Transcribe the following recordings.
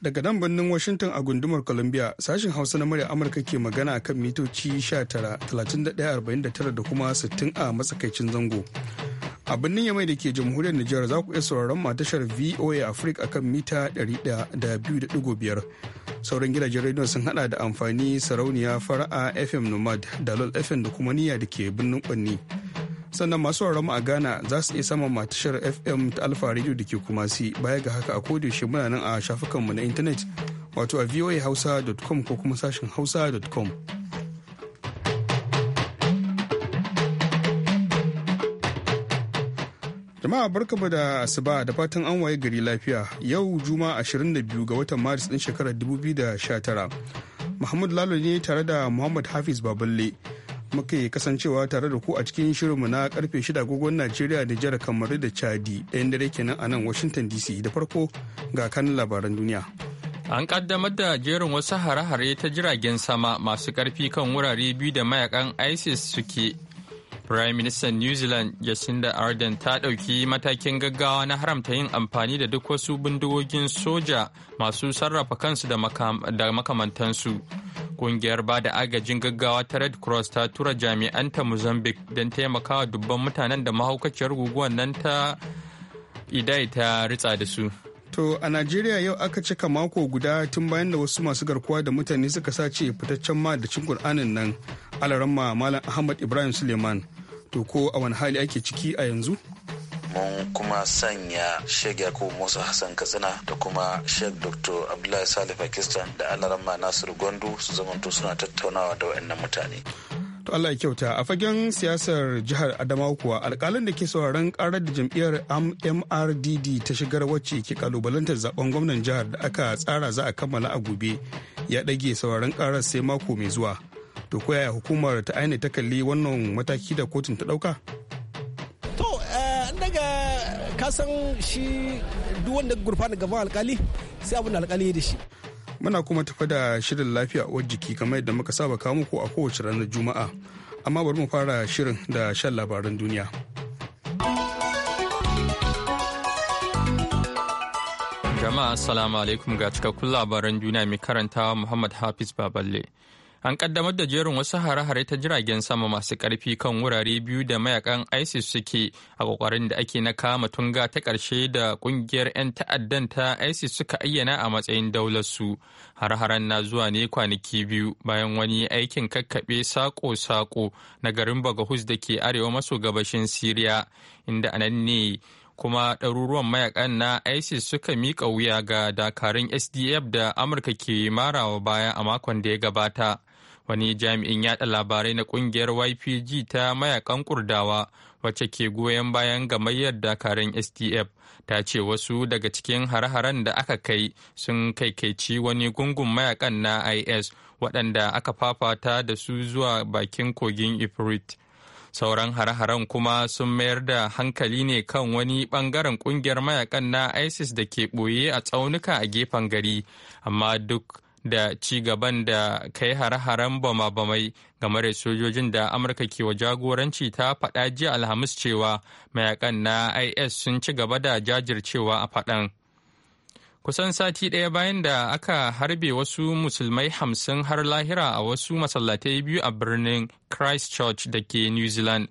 Daga nan birnin Washington a gundumar Columbia sashen Hausa na murya Amurka ke magana kan mitoci 19,31,49 da kuma 60 a matsakaicin zango. A birnin Yamai da ke jamhuriyar Nijar za ku iya sauraron matashar VOA Africa akan mita 100.5. Sauran gidajen rediyon sun hada da amfani sarauniya fara'a FM Nomad, Dalol FM da kuma niyya da ke birnin Kwanni. sannan masu mu a ghana za su iya saman matashar fm ta alfa radio da ke kuma si baya ga haka a kodiyoshi muna nan a shafukanmu na intanet wato a voahausa.com ko kuma sashen hausa.com jama'a barkamu da asuba da fatan an waye gari lafiya yau juma 22 ga watan maris din shekarar 2019 muhammad lalo ne tare da muhammad hafiz baballe muke kasancewa tare da ku a cikin shirinmu na karfe shida agogon Najeriya da jihar Kamaru da Chadi ɗayan dare kenan a nan Washington DC da farko ga kanin labaran duniya. An kaddamar da jerin wasu hare-hare ta jiragen sama masu karfi kan wurare biyu da mayakan ISIS suke Prime Minister New Zealand Jacinda Ardern ta ɗauki matakin gaggawa na haramta yin amfani da duk wasu bindigogin soja masu sarrafa kansu da, makamantansu. Kungiyar ba da agajin gaggawa ta Red Cross ta tura jami'an ta Mozambique don taimakawa dubban mutanen da mahaukaciyar guguwar nan ta idai ta ritsa da su. To a Najeriya yau aka cika mako guda tun bayan da wasu masu garkuwa da mutane suka sace fitaccen madacin Kur'anin nan ma Malam Ahmad Ibrahim Suleiman. To ko a wani hali ake ciki a yanzu? mun kuma sanya Sheikh Yakubu Musa Hassan Katsina da kuma Sheikh Dr. Abdullahi Salih Pakistan da Alarama Nasiru Gondu su zamanto suna tattaunawa da waɗannan mutane. To Allah ya kyauta a fagen siyasar jihar Adamawa kuwa alkalin da ke sauraron karar da jam'iyyar MRDD ta shigar wacce ke kalubalantar zaben gwamnan jihar da aka tsara za a kammala a gobe ya ɗage sauraron karar sai mako mai zuwa. To ko yaya hukumar ta aini ta kalli wannan mataki da kotun ta ɗauka? To eh, daga kasan shi duk wanda gurfana gaban alkali sai abin da alkali ya da shi. Muna kuma tafi da shirin lafiya uwar jiki kamar yadda muka saba kawo muku a kowace ranar Juma'a. Amma bari mu fara shirin da shan labaran duniya. Jama'a Assalamu alaikum ga cikakkun labaran duniya mai karanta Muhammad Hafiz Baballe. An kaddamar da jerin wasu hare-hare ta jiragen sama masu karfi kan wurare biyu da mayakan ISIS suke a kokarin da ake na kama tunga ta ƙarshe da ƙungiyar 'yan ta'addan ta ISIS suka ayyana a matsayin daularsu. Hare-haren na zuwa ne kwanaki biyu bayan wani aikin kakkaɓe sako-sako na garin Bagahus da ke arewa maso gabashin Siriya, inda anan ne kuma ɗaruruwan mayakan na isis suka mika wuya ga dakarun sdf da amurka ke marawa baya a makon da ya gabata wani jami'in yada labarai na kungiyar ypg ta mayakan kurdawa wacce ke goyon bayan gamayyar dakarun STF ta ce wasu daga cikin har-haren da aka kai sun kaikaici wani gungun mayakan na is waɗanda aka fafata da su zuwa bakin kogin ifrit sauran har-haren kuma sun mayar da hankali ne kan wani bangaren ƙungiyar mayakan na isis da ke ɓoye a tsaunuka a gefen gari amma duk da ci gaban da kai hare-haren bama-bamai game da sojojin da amurka ke wa jagoranci ta faɗa jiya alhamis cewa mayakan na is sun ci gaba da jajircewa a faɗan kusan sati ɗaya bayan da aka harbe wasu musulmai hamsin har lahira a wasu masallatai biyu a birnin christchurch da ke new zealand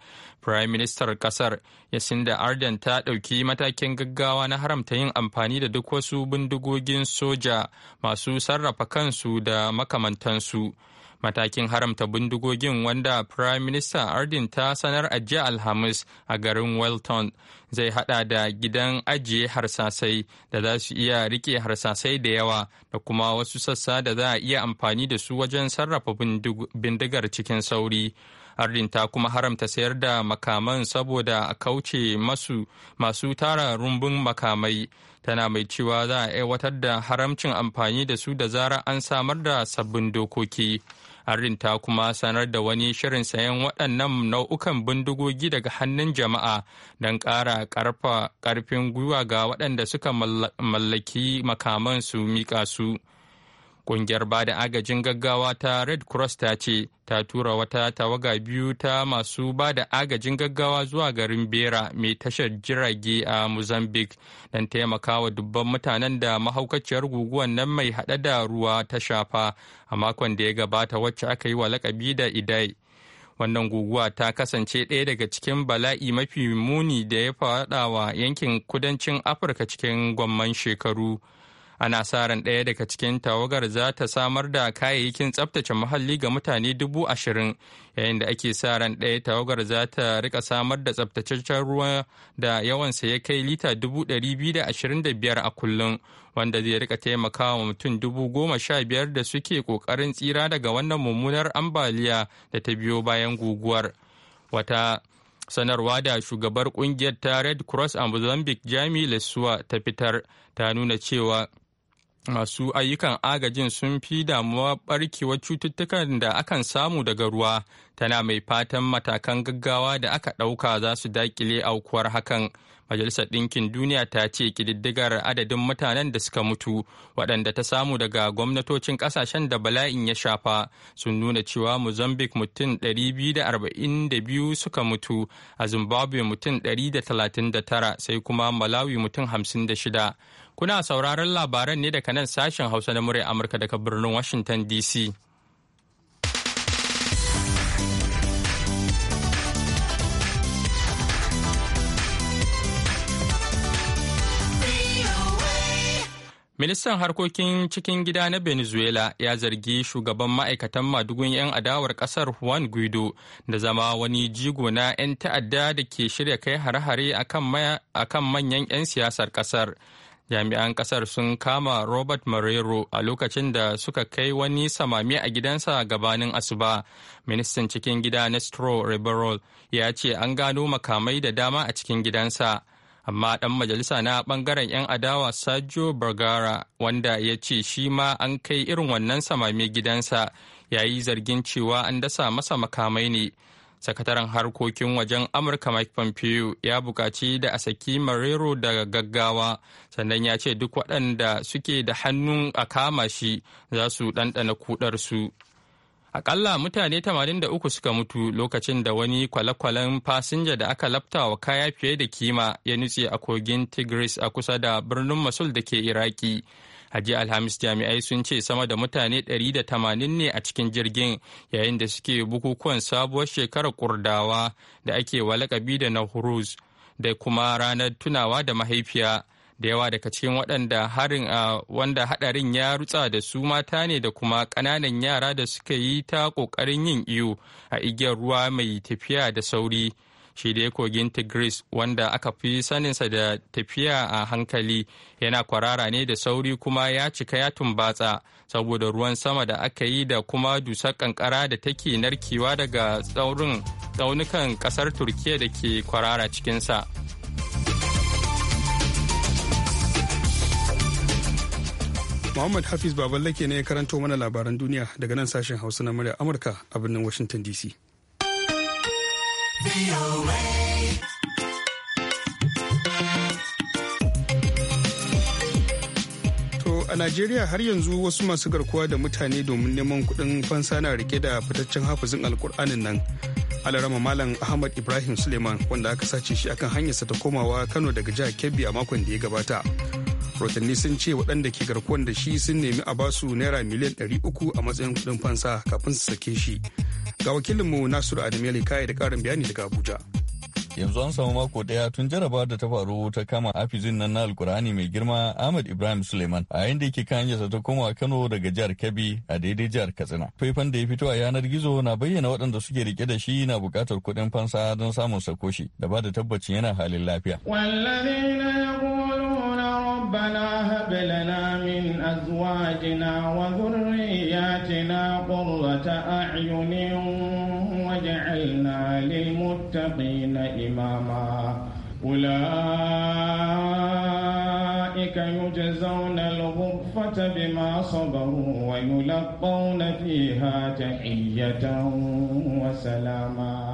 Prime Minister kasar Yasinda Arden ta ɗauki matakin gaggawa na haramta yin amfani da duk wasu bindigogin soja masu sarrafa kansu da makamantansu. Matakin haramta bindigogin wanda Prime Minister Arden ta sanar a jiya Alhamis a garin Welton zai hada da gidan ajiye harsasai da za su iya rike harsasai da yawa da kuma wasu sassa da za a iya amfani da su wajen sarrafa bindigar cikin sauri. Arlin ta kuma haramta sayar da makaman saboda a kauce masu masu tara rumbun makamai. Tana mai cewa za a aiwatar da haramcin amfani da su da zarar an samar da sabbin dokoki. Arlin ta kuma sanar da wani shirin sayan waɗannan nau'ukan bindigogi daga hannun jama'a don ƙara ƙarfin gwiwa ga waɗanda suka mallaki makaman su miƙa su. Ƙungiyar ba da agajin gaggawa ta Red Cross ta ce ta tura wata tawaga biyu ta masu ba da agajin gaggawa zuwa garin Bera mai tashar jirage a Mozambique don taimakawa dubban mutanen da mahaukaciyar guguwan nan mai haɗa da ruwa ta shafa a makon da ya gabata wacce aka yi wa lakabi da Idai. wannan guguwa ta kasance ɗaya daga cikin bala'i mafi muni da ya faɗa wa yankin kudancin afirka cikin gwamman shekaru ana sa ran ɗaya daga cikin tawagar za ta samar da kayayyakin tsaftace muhalli ga mutane dubu ashirin yayin da ake sa ran ɗaya tawagar za ta rika samar da tsabtataccen ruwa da yawansa ya kai lita dubu ɗari biyu da ashirin da biyar a kullum wanda zai rika taimakawa mutum dubu goma sha biyar da suke ƙoƙarin tsira daga wannan mummunar ambaliya da ta biyo bayan guguwar wata sanarwa da shugabar kungiyar ta red cross a mozambique jami lesuwa ta fitar ta nuna cewa masu ayyukan agajin sun fi damuwa barkewar cututtukan da akan samu daga ruwa tana mai fatan matakan gaggawa da aka ɗauka za su daƙile aukuwar hakan majalisar ɗinkin duniya ta ce ƙididdigar adadin mutanen da suka mutu waɗanda ta samu daga gwamnatocin ƙasashen da bala'in ya shafa sun nuna cewa mozambique mutum 242 suka mutu a zimbabwe mutum 139 sai kuma malawi mutum 56 Kuna sauraron labaran ne daga nan sashen Hausa na murya Amurka daga birnin Washington DC. Ministan harkokin cikin gida na Venezuela ya zargi shugaban ma'aikatan madugun 'yan adawar kasar Juan Guido da zama wani jigo na 'yan ta'adda da ke shirya kai hare-hare a kan manyan 'yan siyasar kasar. jami'an kasar sun kama robert marrero a lokacin da suka kai wani samami a gidansa gabanin asuba ministan cikin gida nestro riverol ya ce an gano makamai da dama a cikin gidansa amma dan majalisa na bangaren 'yan adawa sajo bergara wanda ya ce shi ma an kai irin wannan samami gidansa ya yi zargin cewa an dasa masa makamai ne sakataren harkokin wajen amurka mike pompeo ya buƙaci da a saki marero daga gaggawa sannan ya ce duk waɗanda suke da hannun a kama shi za su ɗanɗana su akalla mutane 83 suka mutu lokacin da wani kwale-kwalen fasinja da aka lafta wa kaya fiye da kima ya nutse a kogin tigris a kusa da birnin masul da ke iraki Haji Alhamis jami'ai sun ce sama da mutane 180 ne a cikin jirgin yayin da suke bukukuwan sabuwar shekarar kurdawa da ake walakabi da Nauruz da kuma ranar tunawa da mahaifiya. da yawa daga cikin waɗanda harin a wanda hadarin ya rutsa da su mata ne da kuma ƙananan yara da suka yi ta ƙoƙarin yin iyo a igiyar ruwa mai tafiya da sauri shi ya kogin tigris wanda aka fi saninsa da tafiya a hankali yana kwarara ne da sauri kuma ya cika ya tumbatsa saboda ruwan sama da aka yi da kuma dusar kankara da take narkewa daga tsaunukan kasar turkiya da ke kwarara cikinsa Muhammad Hafiz Baballake ne ya karanto mana labaran duniya daga nan sashen Hausa na murya Amurka a birnin Washington DC. a Najeriya har yanzu wasu masu garkuwa da mutane domin neman kuɗin fansa na rike da fitaccen hafizin alkur'anin nan alarama malam ahmad ibrahim suleiman wanda aka sace shi akan hanyarsa ta komawa kano daga jihar kebbi a makon da ya gabata rotanni sun ce waɗanda ke garkuwan da shi sun nemi a basu naira miliyan 300 a matsayin kuɗin fansa kafin su sake shi ga wakilinmu nasiru adamiyali kai da karin bayani daga abuja yanzu an samu mako daya tun jaraba da ta faru ta kama afizin nan na alkurani mai girma ahmad ibrahim suleiman a yayin da yake kan hanyarsa ta koma kano daga jihar kebbi a daidai jihar katsina faifan da ya fito a yanar gizo na bayyana waɗanda suke rike da shi na buƙatar kuɗin fansa don samun sakoshi da ba da tabbacin yana halin lafiya. ربنا هب لنا من أزواجنا وذرياتنا قرة أعين واجعلنا للمتقين إماما أولئك يجزون الغرفة بما صبروا ويلقون فيها تحية وسلاما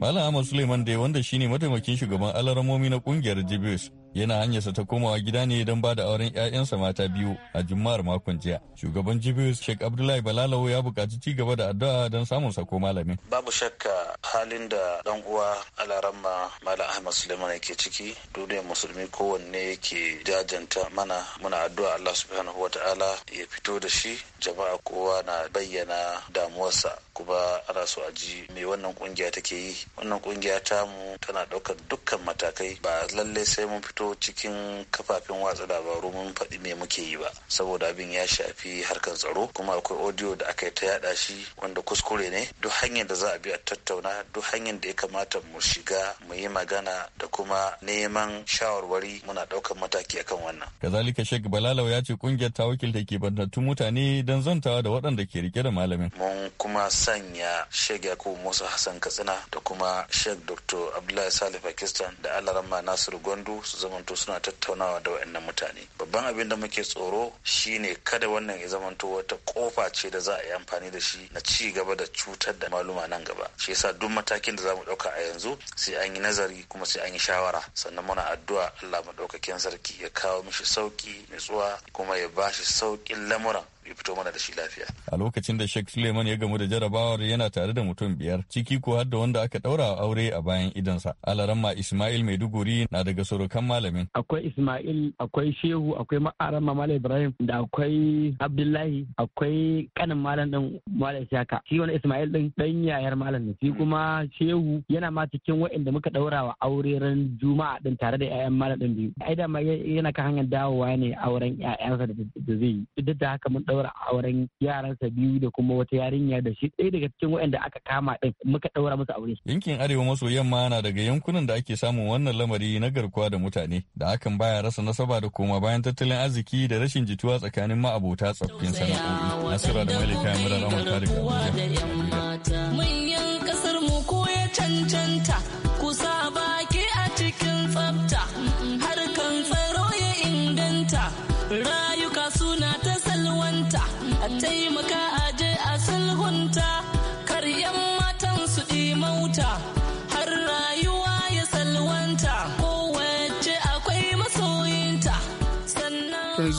Malam Ahmad Suleiman dai wanda shine mataimakin shugaban alaramomi na kungiyar Jibis yana hanyarsa ta komawa gida ne don ba da auren 'ya'yansa mata biyu a juma'ar makon jiya. Shugaban Jibis Sheikh Abdullahi Balalawo ya buƙaci ci gaba da addu'a don samun sako malamin. Babu shakka halin da dan uwa alaramma Malam Ahmad Suleiman yake ciki duniyar musulmi kowanne yake jajanta mana muna addu'a Allah subhanahu wataala ya fito da shi jama'a kowa na bayyana damuwarsa kuma ana so a ji me wannan kungiya take yi wannan kungiya ta mu tana ɗaukar dukkan matakai ba lallai sai mun fito cikin kafafen watsa labaru mun faɗi me muke yi ba saboda abin ya shafi harkar tsaro kuma akwai audio da aka yi ta yaɗa shi wanda kuskure ne duk hanyar da za a bi a tattauna duk hanyar da ya kamata mu shiga mu yi magana da kuma neman shawarwari muna ɗaukar mataki akan wannan. Kazalika Sheikh Balalau ya ce kungiyar ta wakilta ke bantattun mutane don zantawa da waɗanda ke rike da malamin. Mun kuma sanya Sheikh Yakubu Musa Hassan Katsina da kuma kuma sheikh dr abdullahi salih pakistan da alarama nasiru gwandu su zamanto suna tattaunawa da waɗannan mutane babban abin da muke tsoro shine kada wannan ya zamanto wata kofa ce da za a yi amfani da shi na ci gaba da cutar da maluma nan gaba shi yasa duk matakin da za mu ɗauka a yanzu sai an yi nazari kuma sai an yi shawara sannan muna addu'a allah maɗaukakin sarki ya kawo mishi sauki nutsuwa kuma ya ba shi sauƙin lamuran ya fito mana da shi lafiya. A lokacin da Sheikh Suleiman ya gamu da jarabawar yana tare da mutum biyar, ciki ko har da wanda aka ɗaura aure a bayan idansa. Alaramma Ismail Maiduguri na daga surukan malamin. Akwai Ismail, akwai Shehu, akwai ma'arama Malam Ibrahim da akwai Abdullahi, akwai kanin malam ɗin Malam Shaka. Shi wani Ismail ɗin dan yayar malam ne. Shi kuma Shehu yana ma cikin waɗanda muka ɗaura wa aure ran Juma'a ɗin tare da 'ya'yan malam ɗin biyu. Ai da ma yana ka hanyar dawowa ne auren 'ya'yansa da zai yi. Duk da haka mun ɗaura ɗaura auren yaransa biyu da kuma wata yarinya da shi ɗaya daga cikin waɗanda aka kama ɗin muka ɗaura musu aure. Yankin Arewa maso yamma na daga yankunan da ake samun wannan lamari na garkuwa da mutane da hakan baya rasa nasaba da koma bayan tattalin arziki da rashin jituwa tsakanin ma'abota tsaffin sana'o'i. Nasira da Malika na Amurka da Abuja.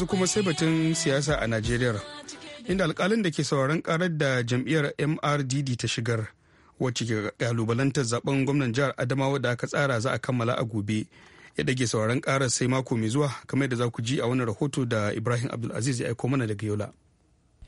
yanzu kuma sai batun siyasa a najeriya inda alkalin da ke sauraron karar da jam'iyyar mrdd ta shigar wacce ke kalubalantar zaben gwamnan jihar adamawa da aka tsara za a kammala a gobe ya dage sauraron karar sai mako mai zuwa kamar yadda za ku ji a wani rahoto da ibrahim abdulaziz ya aiko mana daga yola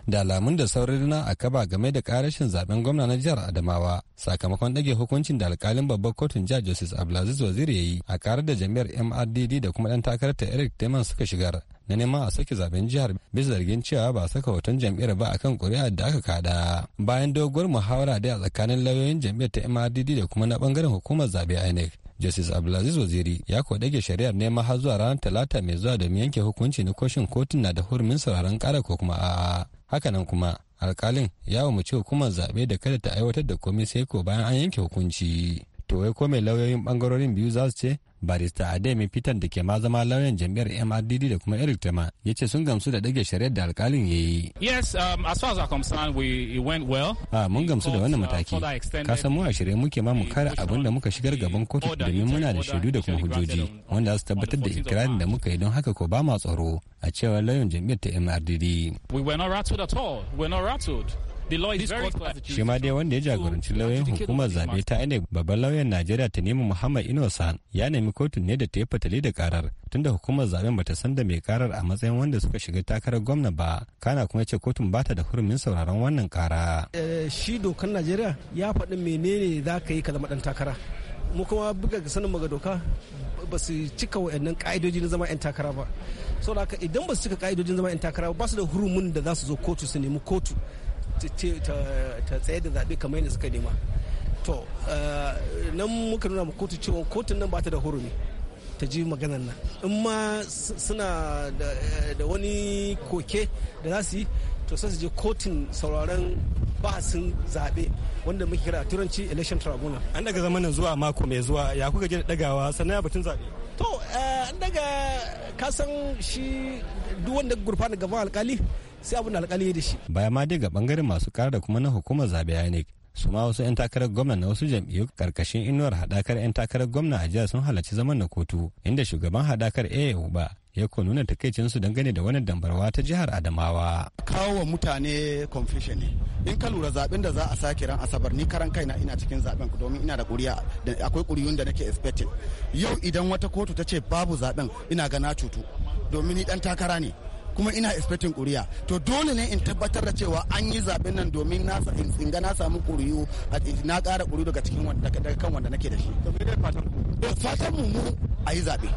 da alamun da saurin na a kaba game da karashin zaben gwamna na jihar adamawa sakamakon dage hukuncin da alkalin babbar kotun jihar joseph abdulaziz waziri ya yi a karar da jami'ar mrdd da kuma ɗan ta eric teman suka shigar na neman a sake zaben jihar bisa zargin cewa ba a saka hoton jam'iyyar ba akan kuri'ar da aka kada bayan doguwar muhawara dai a tsakanin lauyoyin jam'iyyar ta MRDD da kuma na bangaren hukumar zabe INEC Justice Abdulaziz Waziri ya ko dage shari'ar nema har zuwa ranar Talata mai zuwa domin yanke hukunci na koshin kotun na da hurumin sauraron kara ko kuma a'a. Hakanan kuma alkalin ya umarci hukumar zaɓe da kada ta aiwatar da komai sai ko bayan an yanke hukunci. To wai ko mai lauyoyin bangarorin biyu za su ce barista ademi peter da ke ma zama lauyan jam'iyyar mrdd da kuma eric tema ya ce sun gamsu da dage shari'ar da alkalin ya yi um, mun gamsu da wannan uh, mataki ka san mu a shirye muke ma mu kare abin da muka shigar gaban kotu domin muna da shaidu da kuma hujjoji wanda su tabbatar da ikirarin da muka yi don haka ko ba ma tsaro a cewar lauyan jam'iyyar ta mrdd Shi ma dai wanda ya jagoranci lauyoyin hukumar zabe ta INEC babban lauyan Najeriya ta Tanimu Muhammad Inosan ya nemi kotun ne da ta yi fatali da karar tunda hukumar zaben bata san da mai karar a matsayin wanda suka shiga takarar gwamna ba kana kuma ce kotun bata da hurumin sauraron wannan kara. Eh, shi dokan Najeriya ya faɗi menene za ka yi ka zama ɗan takara. Mu kuma buga ga sanin maga doka ba su cika wa'annan ka'idoji na zama 'yan takara ba. Saboda haka idan ba su cika ka'idojin zama 'yan takara ba su da hurumin da za su zo kotu su nemi kotu ta tsaye da zaɓe kamar yadda suka nema to eh, nan muka nuna ma kotu cewa kotun nan ba ta da hurumi ta ji maganar nan in ma suna eh, da wani koke da za su yi to sai su je kotun sauraron bahasin zaɓe wanda muke kira turanci election tribunal an daga zamanin zuwa mako mai zuwa ya kuka je dagawa sannan ya batun zaɓe to eh, an daga kasan shi duk wanda gurfana gaban alkali sai abin da alkali da shi baya ma daga bangaren masu kara da kuma na hukumar zabe INEC su ma wasu 'yan takarar gwamna na wasu jam'iyyu karkashin inuwar hadakar 'yan takarar gwamna a jihar sun halarci zaman na kotu inda shugaban hadakar ya Uba ya ko nuna takaicinsu dangane da wani dambarwa ta jihar Adamawa. Kawo wa mutane confusion ne. In ka lura zaben da za a sake ran Asabar ni karan kaina ina cikin zaben ku domin ina da kuriya akwai kuriyun da nake expecting. Yau idan wata kotu ta ce babu zaben ina gana na cutu domin ni dan takara ne. kuma ina expecting kuriya to dole ne in tabbatar da cewa an yi zaben nan domin na in ga na samu kuriyu na kara kuriyu daga cikin daga kan wanda nake da shi fatan mu mu a yi zabe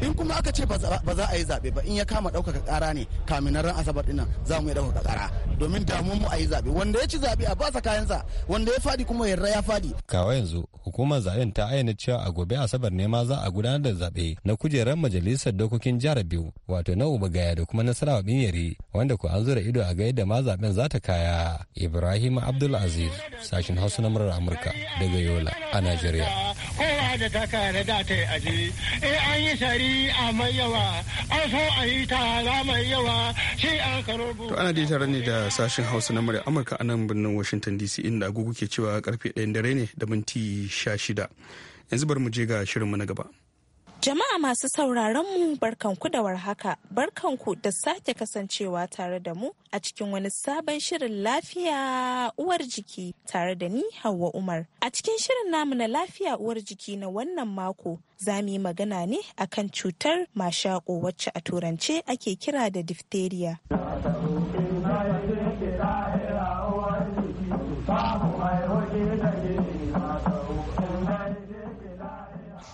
in kuma aka ce ba za a yi zaɓe ba in ya kama ɗaukaka ƙara ne kamin ran asabar ɗin za mu yi ɗaukaka ƙara domin damun mu a yi zaɓe wanda ya ci zaɓe a basa kayansa wanda ya fadi kuma yarra ya fadi kawa yanzu hukumar zaɓen ta ayyana cewa a gobe asabar ne ma za a gudanar da zaɓe na kujerar majalisar dokokin jihar biyu wato na uba gaya da kuma nasarawa binyari wanda ko an zura ido a ga yadda ma zaɓen za ta kaya ibrahim abdulaziz sashin hausa na murar amurka daga yola a najeriya kowa da ta da ta yi aji eh an yi mai tara mai yawa To ana dai tare ne da sashen Hausa na murya Amurka a nan birnin Washington DC inda agogo ke cewa karfe 1 dare ne da minti 16. Yanzu bari mu je ga shirinmu na gaba. Jama'a masu sauraron barkanku da warhaka, barkanku da sake kasancewa tare da mu a cikin wani sabon shirin lafiya uwar jiki tare da ni Hauwa Umar. A cikin shirin namu na lafiya uwar jiki na wannan mako za magana ne akan cutar mashako wacce a turance ake kira da diphtheria.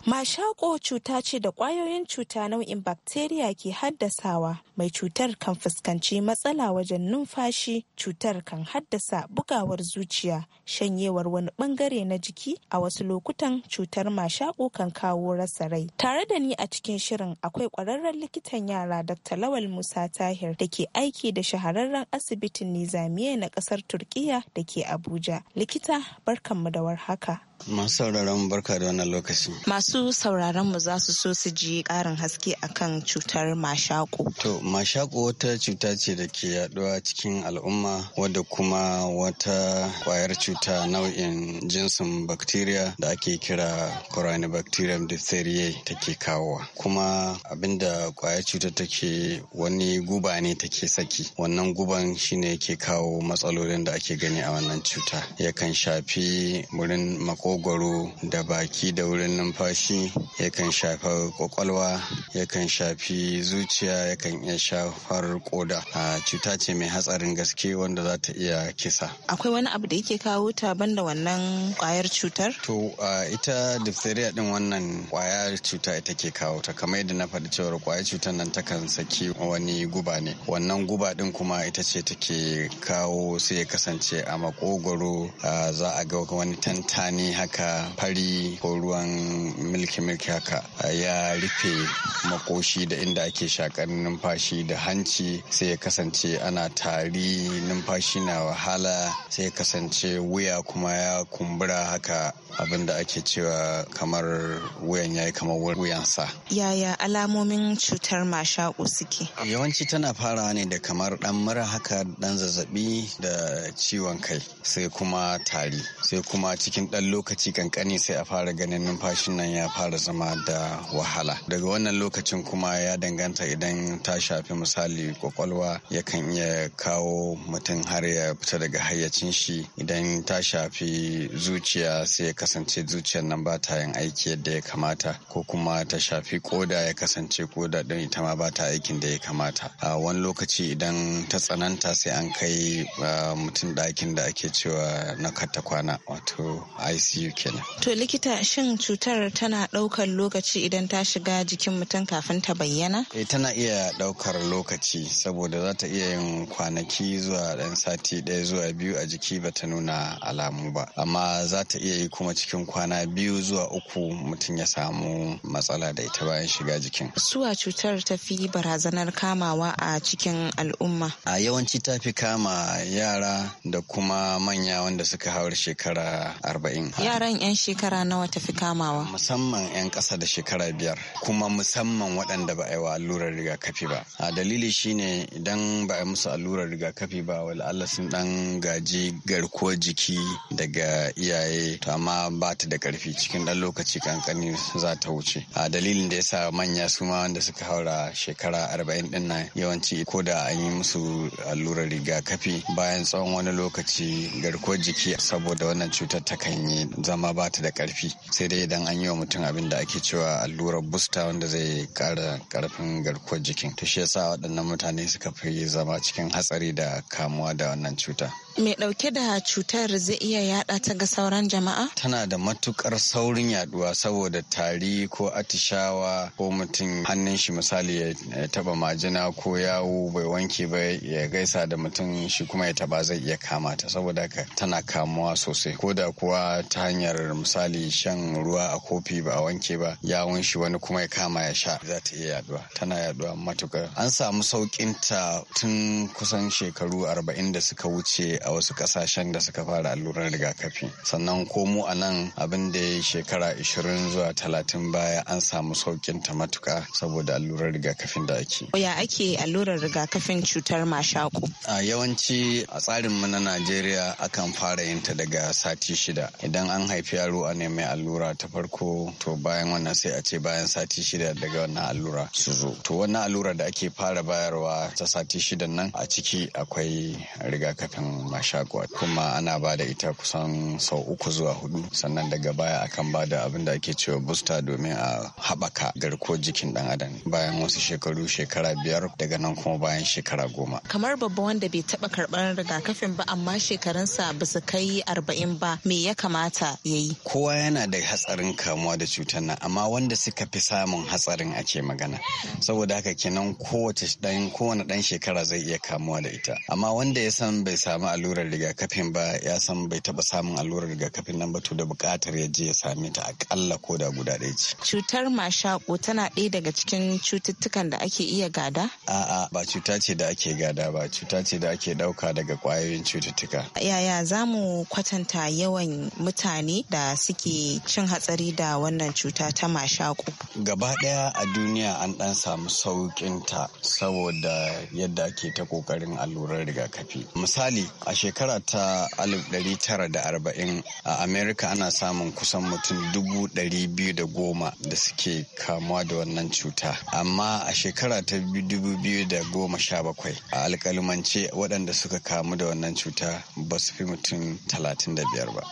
Mashako cuta ce da ƙwayoyin cuta nau'in bakteriya ke haddasawa mai cutar kan fuskanci matsala wajen numfashi cutar kan haddasa bugawar zuciya shanyewar wani bangare na jiki a wasu lokutan cutar mashaƙo kan kawo rasa rai tare da ni a cikin shirin akwai ƙwararren likitan yara dr lawal musa tahir da ke aiki da shahararren asibitin nizamiya na ƙasar turkiya da ke abuja likita barkanmu da warhaka Masu sauraron barka da wannan lokaci. Masu sauraron mu za su so su ji ƙarin haske akan cutar mashaƙo. To, Mashaƙo wata cuta ce da ke yaduwa cikin al'umma wadda kuma wata kwayar cuta nau'in jinsin bakteriya da ake kira Corynebacterium diphtheriae take kawowa. Kuma abinda kwayar cuta take wani guba ne take saki. Wannan guban shine ke kawo matsalolin da ake gani a wannan cuta. Yakan shafi wurin makogwaro da baki da wurin numfashi, yakan shafi kwakwalwa, yakan shafi zuciya, yakan iya shafar koda a cuta ce mai hatsarin gaske wanda za ta iya kisa akwai wani abu da yake kawo ta banda wannan kwayar cutar to ita diphtheria din wannan kwayar cuta ita ke kawo ta kamar yadda na faɗi cewar kwayar cutar nan takan saki wani guba ne wannan guba din kuma ita ce take kawo sai ya kasance a makogoro za a ga wani tantani haka fari ko ruwan milki milki haka ya rufe makoshi da inda ake shakar numfashi numfashi da hanci sai ya kasance ana tari numfashi na wahala sai ya kasance wuya kuma ya kumbura haka abin da ake cewa kamar wuyan ya yi kamar wuyansa. Yaya alamomin cutar mashaƙo suke? Yawanci tana farawa ne da kamar ɗan mura haka ɗan zazzaɓi da ciwon kai sai kuma tari sai kuma cikin ɗan lokaci kankani sai a fara ganin numfashin nan ya fara zama da wahala. Daga wannan lokacin kuma ya danganta idan ta sha shafi misali kwakwalwa yakan iya kawo mutum har ya fita daga hayyacin shi idan ta shafi zuciya sai ya kasance zuciyar nan ba ta yin aiki yadda ya kamata ko kuma ta shafi koda ya kasance koda din ita ma ba ta aikin da ya kamata a wani lokaci idan ta tsananta sai an kai mutum ɗakin da ake cewa na katta kwana wato icu kenan to likita shin cutar tana ɗaukar lokaci idan ta shiga jikin mutum kafin ta bayyana eh, tana iya ɗaukar ɗaukar lokaci saboda za ta iya yin kwanaki zuwa ɗan sati ɗaya zuwa biyu a jiki ba ta nuna alamu ba amma za ta iya yi kuma cikin kwana biyu zuwa uku mutum ya samu matsala da ita bayan shiga jikin. Suwa cutar ta fi barazanar kamawa a cikin al'umma. A yawanci ta fi kama yara da kuma manya wanda suka hau shekara arba'in. Yaran 'yan shekara nawa ta fi kamawa? Musamman 'yan ƙasa da shekara biyar kuma musamman waɗanda ba a yi wa allurar rigakafi ba. a dalili shine idan ba a musu allurar rigakafi ba Allah sun dan gaji garkuwar jiki daga iyaye to amma ba ta da karfi cikin dan lokaci kankani za ta wuce a dalilin da yasa manya su ma wanda suka haura shekara arba'in din nan yawanci ko da an yi musu allurar rigakafi bayan tsawon wani lokaci garkuwar jiki saboda wannan cutar ta kan yi zama ba ta da karfi sai dai idan an yi wa mutum abin da ake cewa allurar busta wanda zai kara karfin garkuwar jikin to shi ya sa waɗannan mutane suka fi zama cikin hatsari da kamuwa da wannan cuta. Mai ɗauke da cutar zai iya yaɗa ta ga sauran jama'a? Tana da matukar saurin yaduwa saboda tari ko atishawa ko mutum hannun shi misali ya taba majina ko yawo bai wanke ba ya gaisa da mutum shi kuma ya taba zai iya kama ta saboda ka tana kamuwa sosai ko da kuwa ta hanyar misali shan ruwa a kofi ba a wanke ba yawon shi wani kuma ya kama ya sha za ta iya yaɗuwa tana yaɗuwa matukar an samu saukin ta tun kusan shekaru arba'in da suka wuce a wasu kasashen da suka fara allurar rigakafi sannan ko mu a nan abin da ya shekara ishirin zuwa talatin baya an samu saukin ta matuka saboda allurar rigakafin da ake ya ake allurar rigakafin cutar mashaku a yawanci a tsarin mu na najeriya akan fara yin ta daga sati shida idan an haifi yaro a nemi allura ta farko to bayan wannan sai a ce bayan sati shida daga wannan allura su zo to wannan allura da ake fara bayarwa ta sati shidan nan a ciki akwai rigakafin mashakwa kuma ana ba da ita kusan sau uku zuwa hudu sannan daga baya akan ba da abin da ake cewa Busta domin a haɓaka garkuwar jikin dan adam bayan wasu shekaru shekara biyar daga nan kuma bayan shekara goma kamar babba wanda bai taɓa karɓar rigakafin ba amma shekarunsa ba su kai arba'in ba me ya kamata ya yi kowa yana da hatsarin kamuwa da cutar nan amma wanda suka fi samun hatsarin ake magana saboda haka kenan kowace dan kowane dan shekara zai iya kamuwa da ita amma wanda ya san bai samu allurar rigakafin ba ya san bai taba samun allurar rigakafin nan ba to da bukatar ya je ya same ta akalla ko da guda ɗaya ce cutar mashako tana ɗaya daga cikin cututtukan da ake iya gada a'a ba cuta ce da ake gada ba cuta ce da ake ɗauka daga kwayoyin cututtuka yaya zamu kwatanta yawan mutane da suke cin hatsari da wannan cuta ta mashako gaba ɗaya a duniya an ɗan samu sauƙin ta saboda yadda ake ta kokarin allurar rigakafi misali a shekara ta 1940 a america ana samun kusan mutum dubu da goma da suke kamuwa da wannan cuta amma a shekara ta dubu da goma sha bakwai a alkalmance waɗanda suka kamu da wannan cuta ba su fi mutum talatin da biyar ba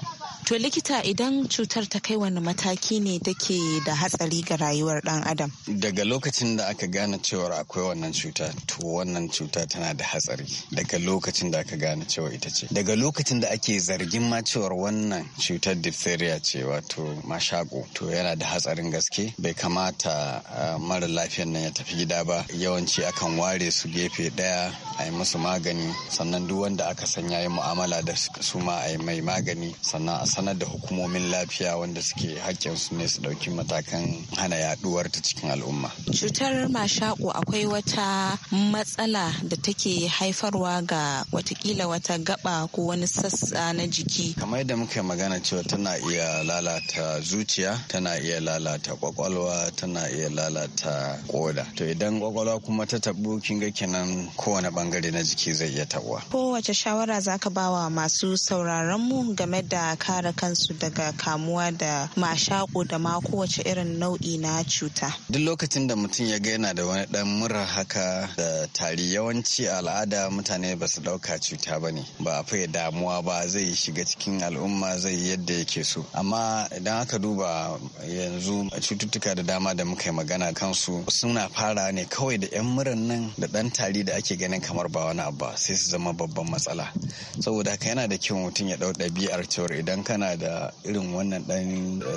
To likita idan cutar ta kai wani mataki ne take da hatsari ga rayuwar dan adam? Daga lokacin da aka gane cewar akwai wannan cuta, to wannan cuta tana da hatsari. Daga lokacin da aka gane cewa ita ce. Daga lokacin da ake zargin ma cewar wannan cutar diphtheria ce wato mashako, to yana da hatsarin gaske. Bai kamata mara lafiyan nan ya tafi gida ba. Yawanci akan ware su gefe ɗaya a yi musu magani, sannan duk wanda aka sanya ya yi mu'amala da su ma a yi mai magani, sannan a sanar da hukumomin lafiya wanda suke su ne su ɗauki matakan hana yaduwar ta cikin al'umma. Cutar mashaƙo akwai wata matsala da take haifarwa ga watakila wata gaba ko wani sassa na jiki. Kamar yadda muka yi magana cewa tana iya lalata zuciya, tana iya lalata kwakwalwa, tana iya lalata koda. To idan kwakwalwa kuma ta tabu kin ga kenan kowane bangare na jiki zai iya tabuwa. Kowace shawara zaka bawa masu sauraron mu game da kare kare kansu daga kamuwa da mashako da ma kowace irin nau'i na cuta. Duk lokacin da mutum ya ga yana da wani dan mura haka da tari yawanci al'ada mutane ba su dauka cuta ba ne ba a fiye damuwa ba zai shiga cikin al'umma zai yadda yake so amma idan aka duba yanzu cututtuka da dama da muka yi magana kansu suna fara ne kawai da 'yan murar nan da dan tari da ake ganin kamar ba wani abu sai su zama babban matsala saboda haka yana da kyau mutum ya dau ɗabi'ar cewar idan ka kana da irin wannan dan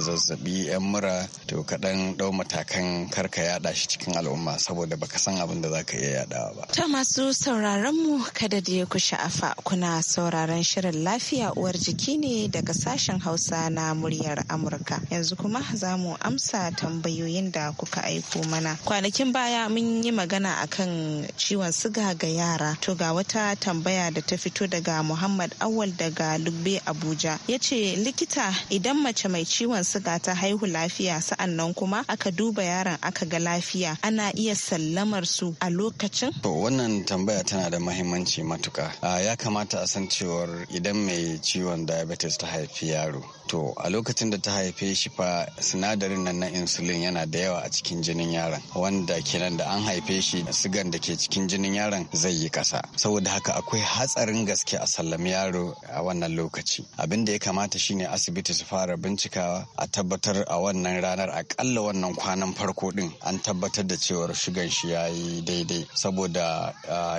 zazzabi yan mura to ka ɗan ɗau matakan karka yaɗa shi cikin al'umma saboda baka san abin da zaka iya yaɗawa ba. Ta masu sauraron mu kada da ku sha'afa kuna sauraron shirin lafiya uwar jiki ne daga sashen Hausa na muryar Amurka. Yanzu kuma za mu amsa tambayoyin da kuka aiko mana. Kwanakin baya mun yi magana akan ciwon siga ga yara. To ga wata tambaya da ta fito daga Muhammad Awal daga Lugbe Abuja. Ya ce likita idan mace mai ciwon suga ta haihu lafiya sa'annan kuma aka duba yaron aka ga lafiya ana iya sallamar su a lokacin? To wannan tambaya tana da mahimmanci matuka. Ah, ya kamata a san cewar idan mai ciwon diabetes ta haifi yaro to a lokacin da ta haife shi fa sinadarin nan na insulin yana da yawa a cikin jinin yaron wanda kenan da an haife shi sigan da ke cikin jinin yaron zai yi kasa saboda haka akwai hatsarin gaske a sallami yaro a wannan lokaci abin da ya kamata shine asibiti su fara bincikawa a tabbatar a wannan ranar akalla wannan kwanan farko din an tabbatar da cewar shugan shi ya yi daidai saboda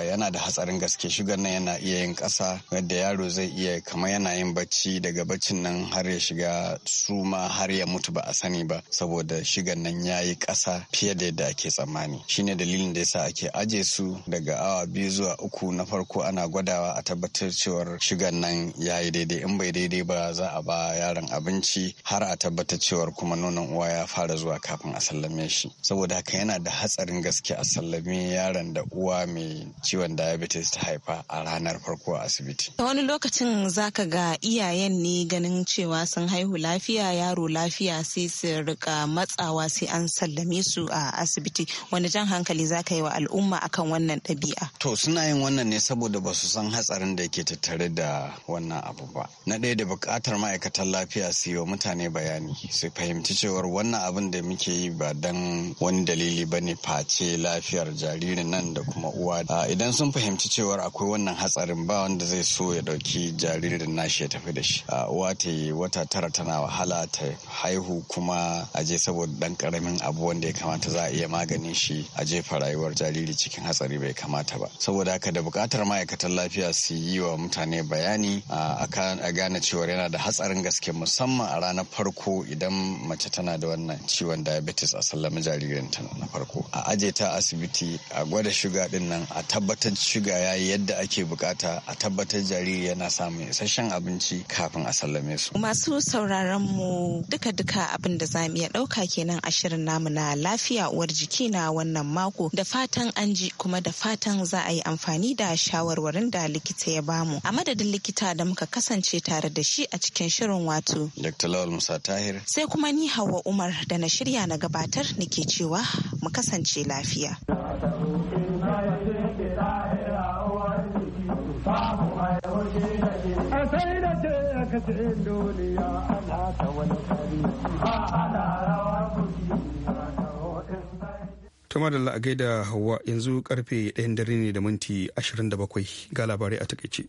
yana da hatsarin gaske shugan nan yana iya yin kasa yadda yaro zai iya kamar yana yin bacci daga baccin nan har ya shiga su ma har ya mutu ba a sani ba saboda shigan nan ya yi ƙasa fiye da yadda ake tsammani shine dalilin da yasa ake aje su daga awa biyu zuwa uku na farko ana gwadawa a tabbatar cewar shigan nan ya yi daidai in bai daidai ba za a ba yaron abinci har a tabbatar cewar kuma nonon uwa ya fara zuwa kafin a sallame shi saboda haka yana da hatsarin gaske a sallame yaron da uwa mai ciwon diabetes ta haifa a ranar farko a asibiti. wani lokacin zaka ga iyayen ne ganin cewa sun haihu lafiya yaro lafiya sai su rika matsawa sai an sallame su a asibiti wani jan hankali za ka yi wa al'umma akan wannan ɗabi'a. To suna yin wannan ne saboda ba su san hatsarin da ke tattare da wannan abu ba. Na ɗaya da buƙatar ma'aikatan lafiya su yi wa mutane bayani su fahimci cewar wannan abin da muke yi ba dan wani dalili ba ne face lafiyar jaririn nan da kuma uwa. Idan sun fahimci cewar akwai wannan hatsarin ba wanda zai so ya ɗauki jaririn nashi ya tafi da shi. Uwa ta yi ta tara tana wahala ta haihu kuma a je saboda dan karamin abu wanda ya kamata za a iya maganin shi a jefa rayuwar jariri cikin hatsari bai kamata ba saboda haka da bukatar ma'aikatan lafiya su yi wa mutane bayani a gane cewa yana da hatsarin gaske musamman a ranar farko idan mace tana da wannan ciwon diabetes a sallama jaririn ta na farko a aje ta asibiti a gwada shuga din nan a tabbatar shuga yayi yadda ake bukata a tabbatar jariri yana samun isasshen abinci kafin a sallame su masu sauraron mu duka-duka abin da za mu iya ɗauka kenan a shirin namu na lafiya uwar jiki na wannan mako da fatan an ji kuma da fatan za a yi amfani da shawarwarin da likita ya bamu a madadin likita da muka kasance tare da shi a cikin shirin wato. Dr. Lawal Musa Tahir. Sai kuma ni Hauwa Umar da na shirya na gabatar nake cewa mu kasance lafiya. kace duniya ana ta wani kari ba ana rawa Tuma da la'agai da hawa yanzu karfe 1 dare ne da minti 27 ga labarai a takaice.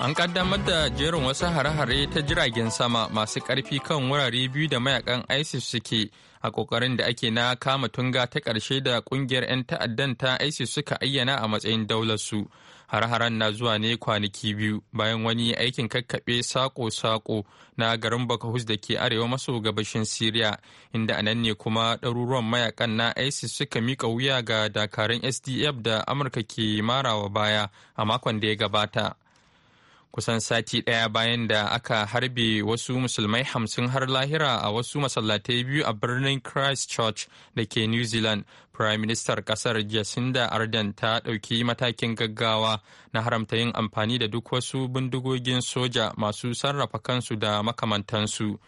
An kaddamar da jerin wasu hare-hare ta jiragen sama masu ƙarfi kan wurare biyu da mayakan ISIS suke a ƙoƙarin da ake na kama tunga ta ƙarshe da ƙungiyar 'yan ta'addan ta ISIS suka ayyana a matsayin daularsu. Hare-haren na zuwa ne kwanaki biyu bayan wani aikin kakkaɓe sako-sako na garin Bakahus da ke arewa maso gabashin Siriya, inda a ne kuma ɗaruruwan mayakan na ISIS suka mika wuya ga dakarun SDF da Amurka ke marawa baya a makon da ya gabata. kusan sati ɗaya bayan da aka harbe wasu musulmai hamsin har lahira a wasu masallatai biyu a birnin christchurch da ke new zealand prime minister kasar jacinda ardern ta ɗauki matakin gaggawa na haramta yin amfani da duk wasu bindigogin soja masu sarrafa kansu da makamantansu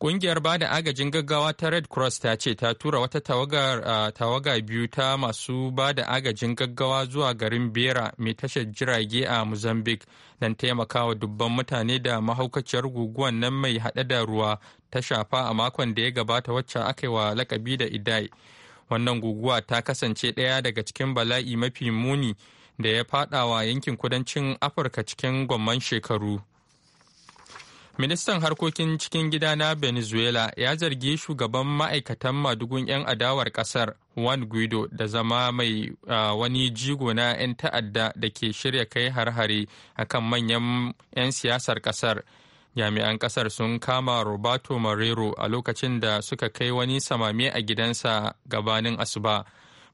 Ƙungiyar bada agajin gaggawa ta Red Cross ta ce ta tura wata tawaga biyu ta masu ba da agajin gaggawa zuwa garin Bera mai tashar jirage a Mozambique don taimakawa dubban mutane da mahaukaciyar guguwan nan mai haɗe da ruwa ta shafa a makon da ya gabata wacce aka yi wa lakabi da Idai. Wannan guguwa ta kasance ɗaya daga cikin bala'i mafi muni da ya faɗawa yankin kudancin Afirka cikin gomman shekaru. Ministan harkokin cikin gida na Venezuela ya zargi shugaban ma'aikatan madugun 'yan adawar kasar Juan Guido da zama mai uh, wani jigo na 'yan ta'adda da ke shirya kai har-hare kan manyan 'yan siyasar kasar. Jami'an kasar sun kama Roberto Marrero a lokacin da suka kai wani samami a gidansa gabanin asuba.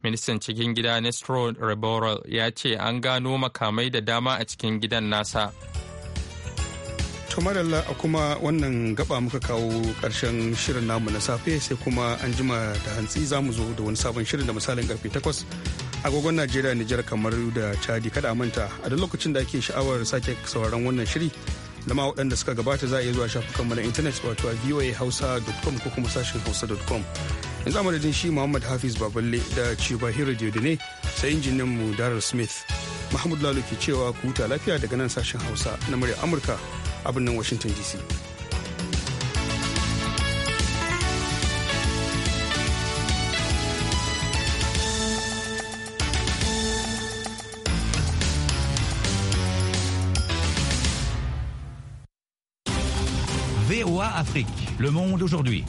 Ministan cikin gida nestor Reboral ya ce an gano makamai da dama a cikin gidan nasa. madalla a kuma wannan gaba muka kawo karshen shirin namu na safe sai kuma an jima da hantsi za mu zo da wani sabon shirin da misalin karfe 8 agogon najeriya nijar kamar da chadi kada a manta a duk lokacin da ake sha'awar sake sauran wannan shiri da ma waɗanda suka gabata za a iya zuwa shafukanmu na intanet wato a voahausa.com ko kuma sashen hausa.com yanzu amadadin shi muhammad hafiz baballe da da diodine sai injinin mu darar smith mahmud lalu ke cewa ku huta lafiya daga nan sashen hausa na murya amurka a birnin washington dc VOA Afrique, le monde aujourd'hui.